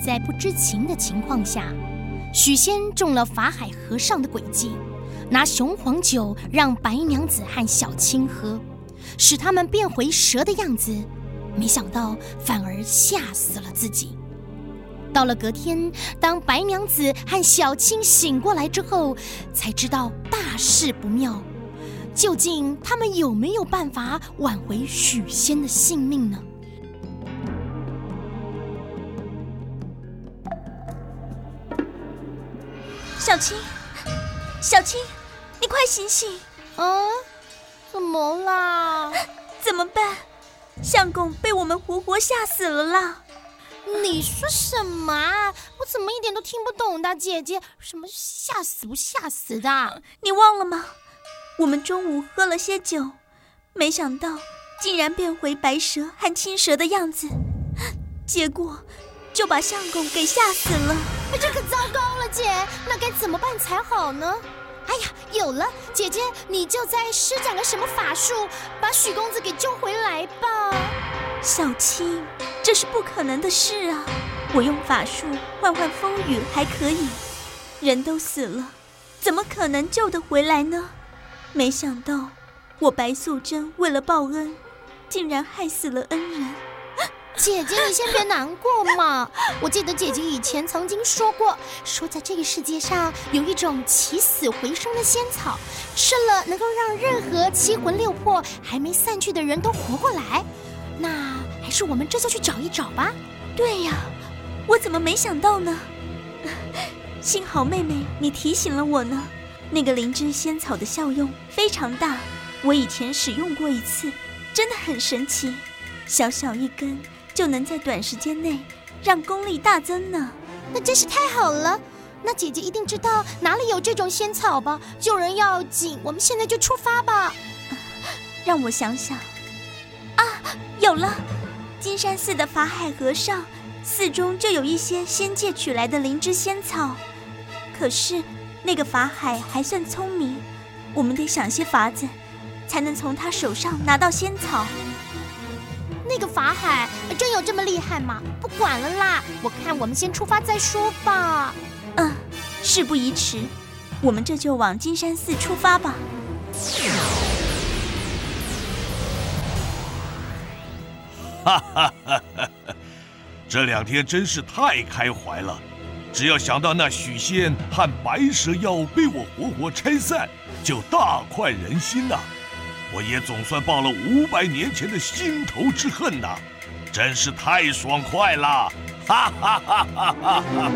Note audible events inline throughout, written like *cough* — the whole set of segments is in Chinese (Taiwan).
在不知情的情況下，許仙中了法海和尚的詭計，拿雄黃酒讓白娘子和小青喝，使他們變回蛇的樣子。沒想到反而嚇死了自己。到了隔天，當白娘子和小青醒過來之後，才知道大事不妙。究竟他們有沒有辦法挽回許仙的性命呢？小青，小青，你快醒醒！啊、嗯，怎麼啦？怎麼辦？相公被我們活活嚇死了啦！你說什麼啊？我怎麼一點都聽不懂的？大姐姐，什麼是嚇死不嚇死的？你忘了嗎？我們中午喝了些酒，沒想到竟然變回白蛇和青蛇的樣子，結果就把相公給嚇死了。這可糟糕！姐，那該怎麼辦才好呢？哎呀，有了，姐姐，你就再施展個什麼法術，把許公子給救回來吧。小青，這是不可能的事啊！我用法術換換風雨還可以，人都死了，怎麼可能救得回來呢？沒想到，我白素貞為了報恩，竟然害死了恩人。姐姐，你先別難過嘛。我記得姐姐以前曾經說過，說在這個世界上有一種起死回生的仙草，吃了能夠讓任何七魂六魄還沒散去的人都活過來。那還是我們這就去找一找吧。對呀、啊，我怎麼沒想到呢？幸好妹妹你提醒了我呢。那個靈芝仙草的效用非常大，我以前使用過一次，真的很神奇。小小一根。就能在短時間內讓功力大增呢，那真是太好了。那姐姐一定知道哪裡有這種仙草吧？救人要緊，我們現在就出發吧。讓我想想，啊，有了，金山寺的法海和尚，寺中就有一些仙界取來的靈芝仙草。可是那個法海還算聰明，我們得想些法子，才能從他手上拿到仙草。那個法海真有這麼厲害嗎？不管了啦，我看我們先出發再說吧。嗯，事不宜遲，我們這就往金山寺出發吧。哈哈哈哈，這兩天真是太開懷了，只要想到那許仙和白蛇妖被我活活拆散，就大快人心吶啊。我也總算報了五百年前的心頭之恨吶，真是太爽快了！哈哈哈哈哈哈，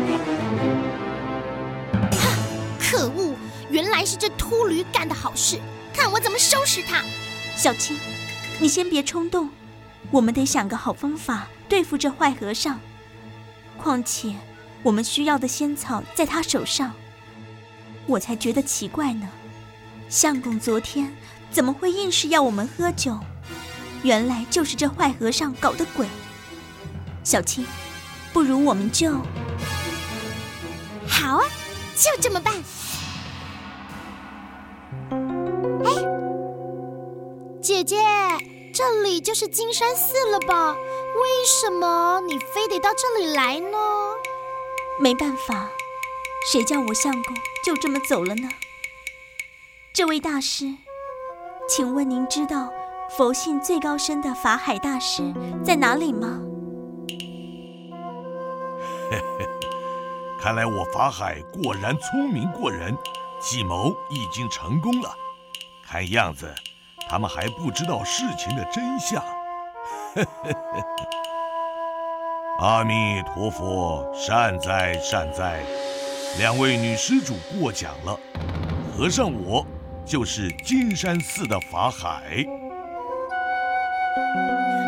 可惡，原來是這禿驢幹的好事，看我怎麼收拾他！小青，你先別衝動，我們得想個好方法對付這壞和尚。況且，我們需要的仙草在他手上，我才覺得奇怪呢。相公，昨天。怎麼會硬是要我們喝酒？原來就是這壞和尚搞的鬼。小青，不如我們就……好啊，就這麼辦。哎，姐姐，這裡就是金山寺了吧？為什麼你非得到這裡來呢？沒辦法，誰叫我相公就這麼走了呢？這位大師。請問您知道佛性最高深的法海大師在哪裡嗎？嘿嘿，看來我法海果然聰明過人，計謀已經成功了。看樣子，他們還不知道事情的真相。 *laughs* 阿彌陀佛，善哉善哉，兩位女施主過獎了，和尚我。就是金山寺的法海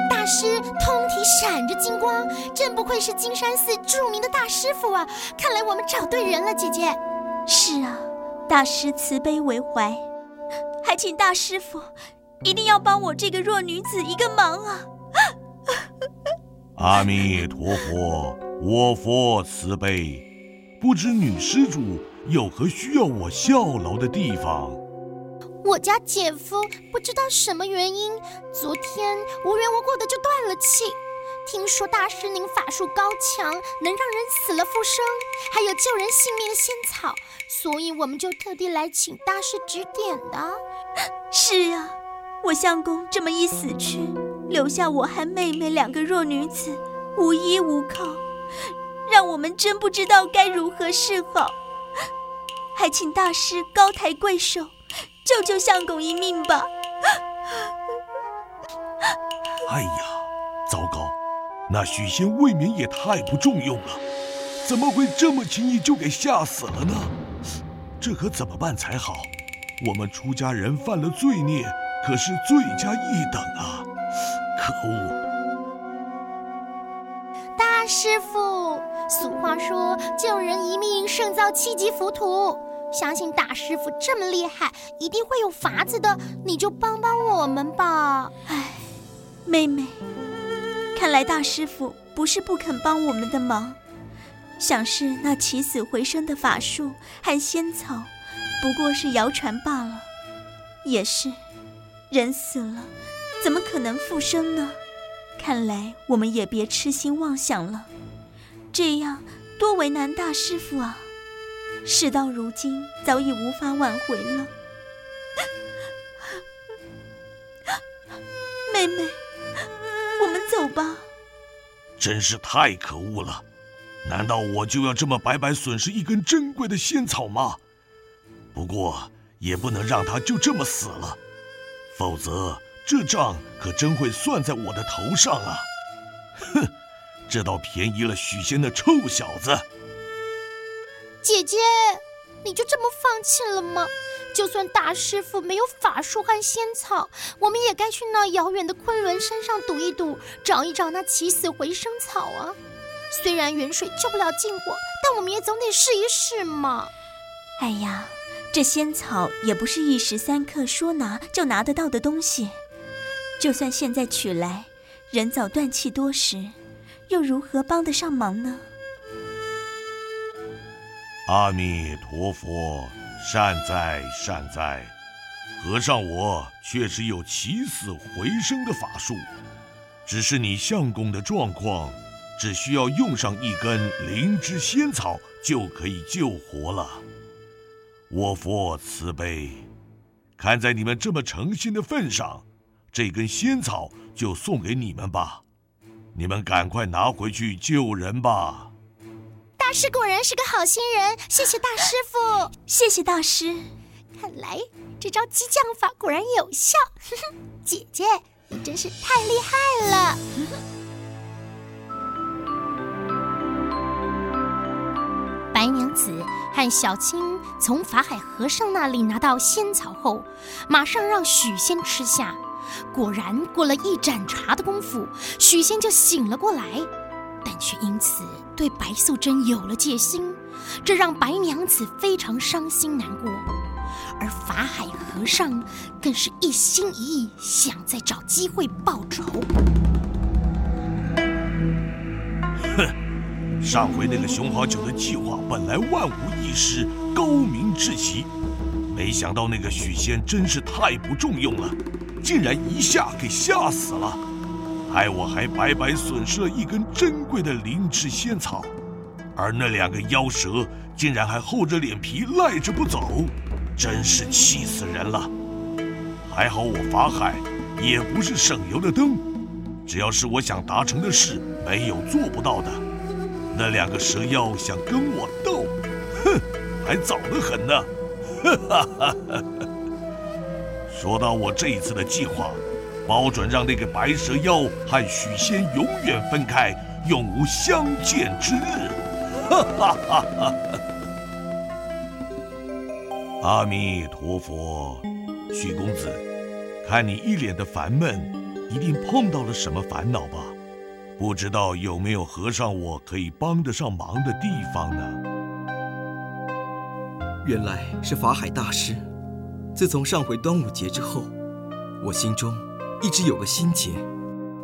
大師，通體閃着金光，真不愧是金山寺著名的大師傅啊！看來我們找對人了，姐姐。是啊，大師慈悲為懷，還請大師傅一定要幫我這個弱女子一個忙啊！ *laughs* 阿彌陀佛，我佛慈悲，不知女施主有何需要我效勞的地方？我家姐夫不知道什麼原因，昨天無緣無故的就斷了氣。聽說大師您法術高強，能讓人死了復生，還有救人性命的仙草，所以我們就特地來請大師指點的啊。是啊，我相公這麼一死去，留下我和妹妹兩個弱女子，無依無靠，讓我們真不知道該如何是好。還請大師高抬貴手。救救相公一命吧！哎呀，糟糕！那許仙未免也太不中用了，怎麼會這麼輕易就給嚇死了呢？這可怎麼辦才好？我們出家人犯了罪孽，可是罪加一等啊！可惡！大師父，俗話說，救人一命勝造七級浮屠。相信大師傅這麼厲害，一定會有法子的。你就幫幫我們吧。唉，妹妹，看來大師傅不是不肯幫我們的忙，想是那起死回生的法術和仙草，不過是謠傳罷了。也是，人死了，怎麼可能復生呢？看來我們也別痴心妄想了。這樣多為難大師傅啊！事到如今，早已無法挽回了。妹妹，我們走吧。真是太可惡了！難道我就要這麼白白損失一根珍貴的仙草嗎？不過，也不能讓他就這麼死了，否則這賬可真會算在我的頭上啊！哼，這倒便宜了許仙的臭小子。姐姐，你就這麼放棄了嗎？就算大師傅沒有法術和仙草，我們也該去那遙遠的崑崙山上賭一賭，找一找那起死回生草啊！雖然遠水救不了近火，但我們也總得試一試嘛。哎呀，這仙草也不是一時三刻說拿就拿得到的東西，就算現在取來，人早斷氣多時，又如何幫得上忙呢？阿彌陀佛，善哉善哉，和尚我，我確實有起死回生的法術，只是你相公的狀況，只需要用上一根靈芝仙草就可以救活了。我佛慈悲，看在你們這麼誠心的份上，這根仙草就送給你們吧，你們趕快拿回去救人吧。大師果然是個好心人，謝謝大師傅，謝謝大師。看來這招激將法果然有效，哼哼，姐姐你真是太厲害了。白娘子和小青從法海和尚那裡拿到仙草後，馬上讓許仙吃下，果然過了一盞茶的功夫，許仙就醒了過來。但卻因此對白素貞有了戒心，這讓白娘子非常傷心難過，而法海和尚更是一心一意想再找機會報仇。哼，上回那個雄黃酒的計劃本來萬無一失，高明至極，沒想到那個許仙真是太不中用了，竟然一下給嚇死了。害我還白白損失了一根珍貴的靈芝仙草，而那兩個妖蛇竟然還厚着臉皮賴着不走，真是氣死人了。還好我法海也不是省油的燈，只要是我想達成的事，沒有做不到的。那兩個蛇妖想跟我鬥，哼，還早得很呢。哈哈哈哈。說到我這一次的計劃。包準讓那個白蛇妖和許仙永遠分開，永無相見之日。哈哈哈哈。阿彌陀佛，許公子，看你一臉的煩悶，一定碰到了什麼煩惱吧？不知道有沒有和尚我可以幫得上忙的地方呢？原來是法海大師。自從上回端午節之後，我心中……一直有個心結。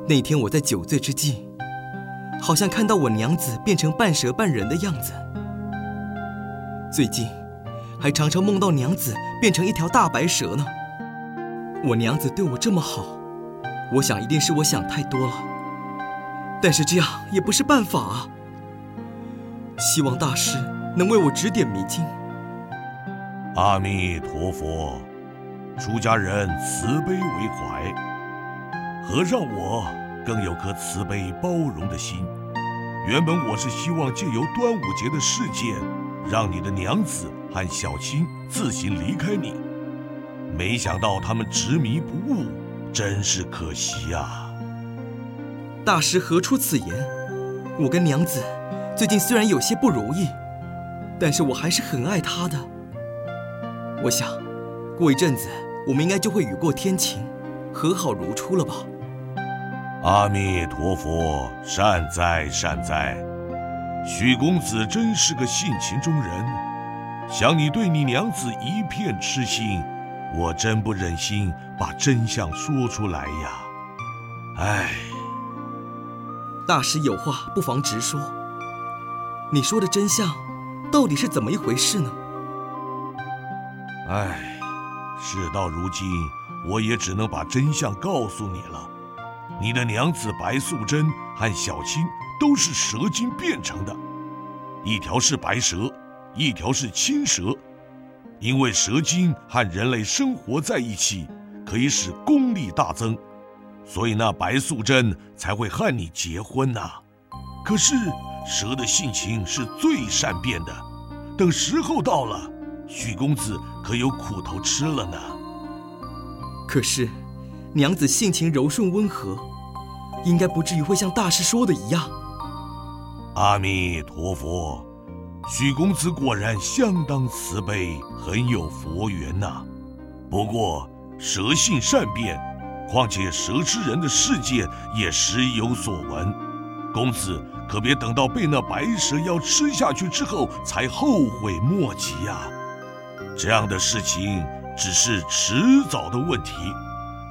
那天我在酒醉之際，好像看到我娘子變成半蛇半人的樣子。最近，還常常夢到娘子變成一條大白蛇呢。我娘子對我這麼好，我想一定是我想太多了。但是這樣也不是辦法啊。希望大師能為我指點迷津。阿彌陀佛，出家人慈悲為懷。何讓我更有顆慈悲包容的心？原本我是希望借由端午節的事件，讓你的娘子和小青自行離開你，沒想到他們執迷不悟，真是可惜呀！大師何出此言？我跟娘子最近雖然有些不如意，但是我還是很愛她的。我想過一陣子，我們應該就會雨過天晴，和好如初了吧？阿彌陀佛，善哉善哉，許公子真是個性情中人。想你對你娘子一片痴心，我真不忍心把真相說出來呀。唉，大師有話不妨直說。你說的真相，到底是怎麼一回事呢？唉，事到如今，我也只能把真相告訴你了。你的娘子白素貞和小青都是蛇精變成的，一條是白蛇，一條是青蛇。因為蛇精和人類生活在一起，可以使功力大增，所以那白素貞才會和你結婚吶、啊。可是蛇的性情是最善變的，等時候到了，許公子可有苦頭吃了呢。可是，娘子性情柔順溫和。應該不至於會像大師說的一樣。阿彌陀佛，許公子果然相當慈悲，很有佛緣吶、啊。不過蛇性善變，況且蛇吃人的事件，也時有所聞。公子可別等到被那白蛇妖吃下去之後才後悔莫及呀、啊。這樣的事情只是遲早的問題，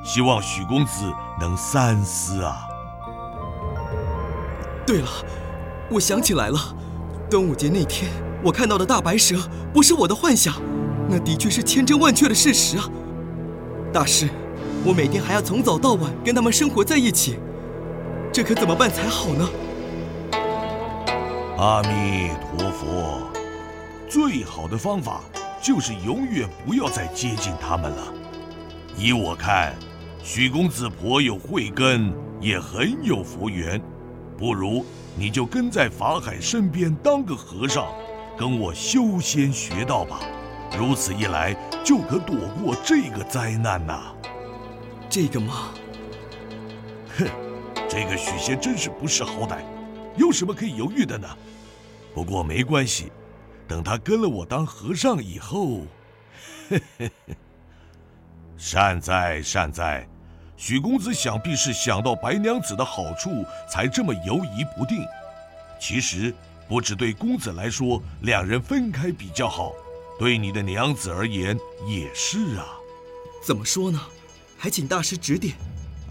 希望許公子能三思啊。對了，我想起來了，端午節那天我看到的大白蛇不是我的幻想，那的確是千真萬確的事實啊！大師，我每天還要從早到晚跟他們生活在一起，這可怎麼辦才好呢？阿彌陀佛，最好的方法就是永遠不要再接近他們了。依我看，許公子頗有慧根，也很有佛緣。不如你就跟在法海身邊當個和尚，跟我修仙學道吧。如此一來，就可躲過這個災難吶。這個嘛，哼，這個許仙真是不識好歹，有什麼可以猶豫的呢？不過沒關係，等他跟了我當和尚以後，嘿嘿嘿，善哉善哉。善哉許公子想必是想到白娘子的好處，才這麼猶疑不定。其實，不只對公子來說，兩人分開比較好，對你的娘子而言也是啊。怎麼說呢？還請大師指點。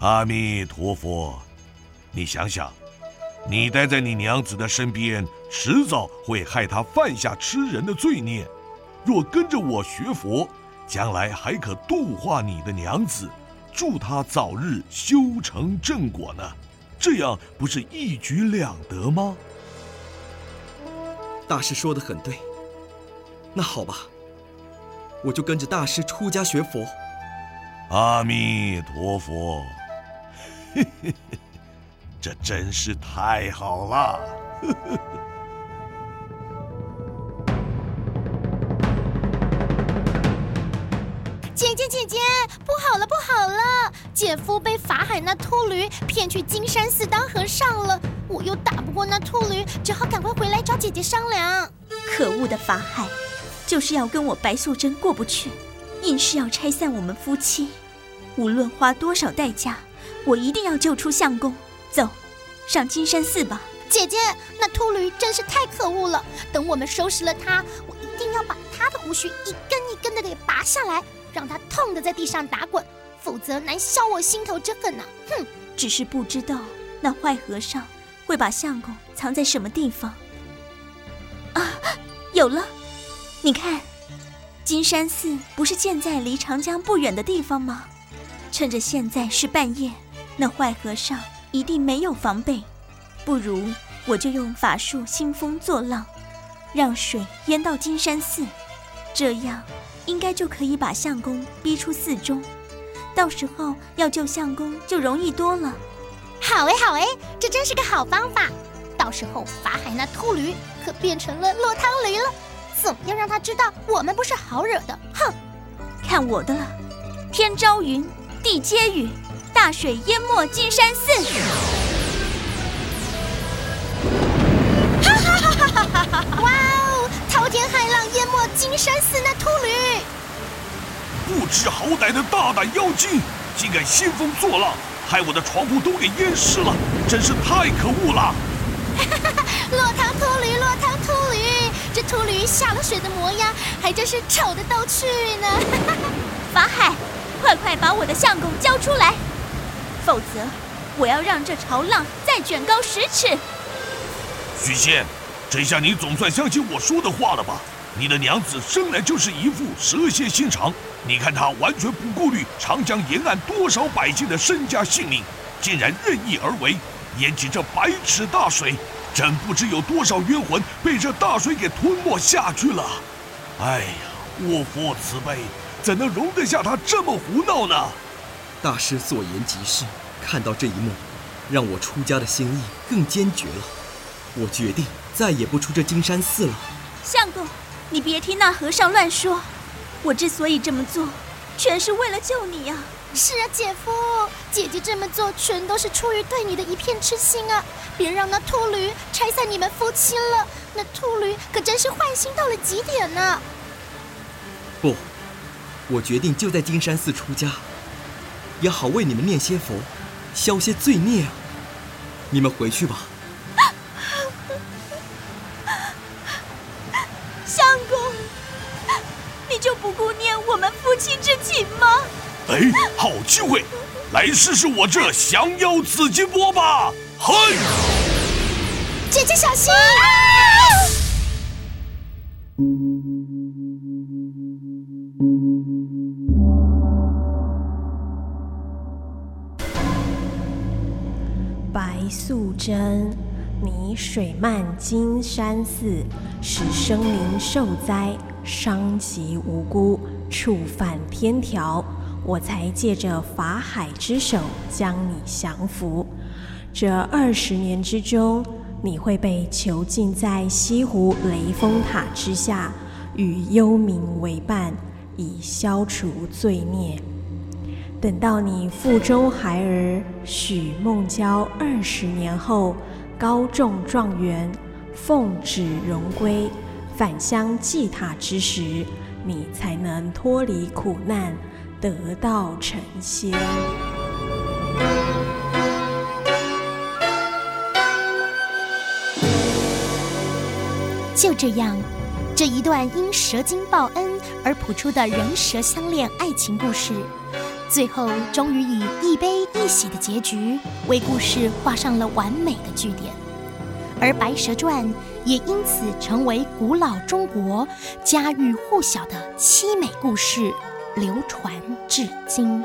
阿彌陀佛，你想想，你待在你娘子的身邊，遲早會害她犯下吃人的罪孽。若跟着我學佛，將來還可度化你的娘子。祝他早日修成正果呢，這樣不是一舉兩得嗎？大師說得很對，那好吧，我就跟着大師出家學佛。阿彌陀佛，呵呵，這真是太好了。呵呵。姐姐，姐姐，不好了，不好了！姐夫被法海那禿驢騙去金山寺當和尚了。我又打不過那禿驢，只好趕快回來找姐姐商量。可惡的法海，就是要跟我白素貞過不去，硬是要拆散我們夫妻。無論花多少代價，我一定要救出相公。走，上金山寺吧。姐姐，那禿驢真是太可惡了。等我們收拾了他，我一定要把他的鬍鬚一根一根的給拔下來。讓他痛得在地上打滾，否則難消我心頭之恨呢！哼，只是不知道那壞和尚會把相公藏在什麼地方。啊，有了！你看，金山寺不是建在離長江不遠的地方嗎？趁着現在是半夜，那壞和尚一定沒有防備。不如我就用法術興風作浪，讓水淹到金山寺，這樣。應該就可以把相公逼出寺中，到時候要救相公就容易多了。好哎，好哎，這真是個好方法。到時候法海那禿驢可變成了落湯驢了，總要讓他知道我們不是好惹的。哼，看我的了！天朝雲，地接雨，大水淹沒金山寺。哈哈哈哈哈！哇。天海浪淹沒金山寺，那禿驢，不知好歹的大膽妖精，竟敢興風作浪，害我的床鋪都給淹濕了，真是太可惡了！哈哈，落湯禿驢，落湯禿驢，這禿驢下了水的模樣還真是醜得都去呢！法海，快快把我的相公交出來，否則我要讓這潮浪再捲高十尺！許仙。這下你總算相信我說的話了吧？你的娘子生來就是一副蛇蠍心腸，你看她完全不顧慮長江沿岸多少百姓的身家性命，竟然任意而為，淹起這百尺大水，真不知有多少冤魂被這大水給吞沒下去了。哎呀，我佛慈悲，怎能容得下她這麼胡鬧呢？大師所言極是，看到這一幕，讓我出家的心意更堅決了。我決定再也不出這金山寺了。相公，你別聽那和尚亂說。我之所以這麼做，全是為了救你呀、啊。是啊，姐夫，姐姐這麼做全都是出於對你的一片痴心啊。別讓那禿驢拆散你們夫妻了，那禿驢可真是壞心到了極點呢。不，我決定就在金山寺出家，也好為你們念些佛，消些罪孽啊。你們回去吧。不顧念我們夫妻之情嗎？哎，好機會， *laughs* 來試試我這降妖紫金缽吧！嘿。姐姐小心！啊、白素貞。你水漫金山寺，使生靈受災，傷及無辜，觸犯天條，我才借着法海之手將你降服。這二十年之中，你會被囚禁在西湖雷峰塔之下，與幽冥為伴，以消除罪孽。等到你腹中孩兒許夢蛟二十年後。高中狀元，奉旨榮歸，返鄉祭塔之時，你才能脫離苦難，得道成仙。就這樣，這一段因蛇精報恩而譜出的人蛇相戀愛情故事。最後，終於以一悲一喜的結局為故事畫上了完美的句點，而《白蛇傳》也因此成為古老中國家喻戶曉的淒美故事，流傳至今。